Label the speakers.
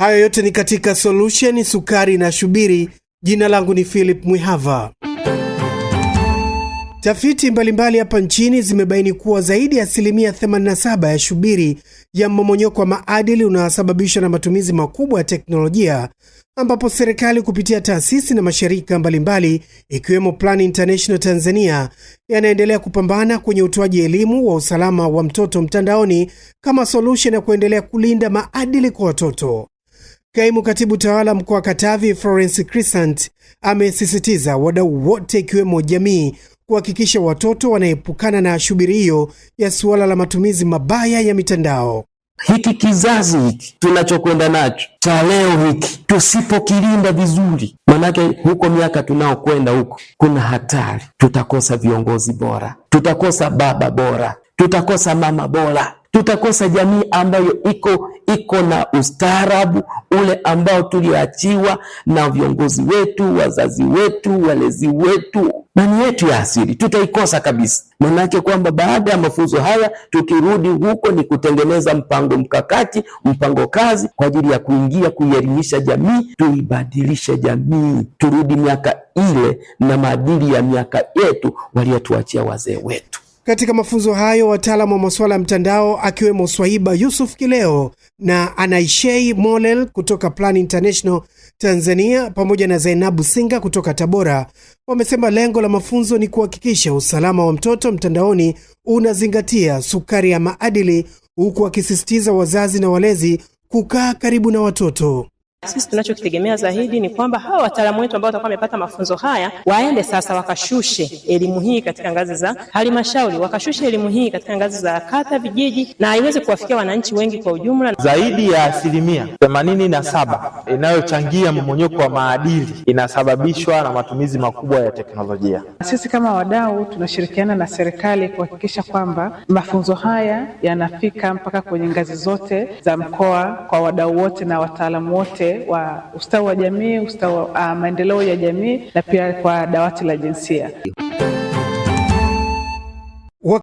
Speaker 1: Hayo yote ni katika Solution Sukari na Shubiri. Jina langu ni Philip Mwihava. Tafiti mbalimbali hapa mbali nchini zimebaini kuwa zaidi ya asilimia 87 ya shubiri ya mmomonyoko wa maadili unaosababishwa na matumizi makubwa ya teknolojia, ambapo serikali kupitia taasisi na mashirika mbalimbali ikiwemo Plan International Tanzania yanaendelea kupambana kwenye utoaji elimu wa usalama wa mtoto mtandaoni kama solution ya kuendelea kulinda maadili kwa watoto. Kaimu katibu tawala mkoa wa Katavi Florence Crescent amesisitiza wadau wote ikiwemo jamii kuhakikisha watoto wanaepukana na shubiri hiyo ya suala la matumizi mabaya ya mitandao.
Speaker 2: Hiki kizazi hiki tunachokwenda nacho cha leo hiki, tusipokilinda vizuri, manake huko miaka tunaokwenda huko kuna hatari, tutakosa viongozi bora, tutakosa baba bora, tutakosa mama bora tutakosa jamii ambayo iko iko na ustaarabu ule ambao tuliachiwa na viongozi wetu, wazazi wetu, walezi wetu. nani yetu ya asili tutaikosa kabisa. Maanake kwamba baada ya mafunzo haya tukirudi huko ni kutengeneza mpango mkakati, mpango kazi kwa ajili ya kuingia kuielimisha jamii, tuibadilishe jamii, turudi miaka ile na maadili ya miaka yetu waliotuachia wazee wetu.
Speaker 1: Katika mafunzo hayo wataalamu wa masuala ya mtandao akiwemo Swaiba Yusuf Kileo na Anaishei Molel kutoka Plan International Tanzania pamoja na Zainabu Singa kutoka Tabora wamesema lengo la mafunzo ni kuhakikisha usalama wa mtoto mtandaoni unazingatia sukari ya maadili, huku akisisitiza wazazi na walezi kukaa karibu na watoto.
Speaker 3: Sisi tunachokitegemea zaidi ni kwamba hawa wataalamu wetu ambao watakuwa wamepata mafunzo haya waende sasa wakashushe elimu hii katika ngazi za halmashauri, wakashushe elimu hii katika ngazi za kata, vijiji na iweze kuwafikia wananchi wengi kwa ujumla.
Speaker 1: Zaidi ya asilimia themanini na saba inayochangia mmonyoko wa maadili inasababishwa na matumizi makubwa ya teknolojia.
Speaker 4: Sisi kama wadau tunashirikiana na serikali kuhakikisha kwamba mafunzo haya yanafika mpaka kwenye ngazi zote za mkoa kwa wadau wote na wataalamu wote wa ustawi wa jamii, ustawi wa ah, maendeleo ya jamii na pia kwa dawati la jinsia.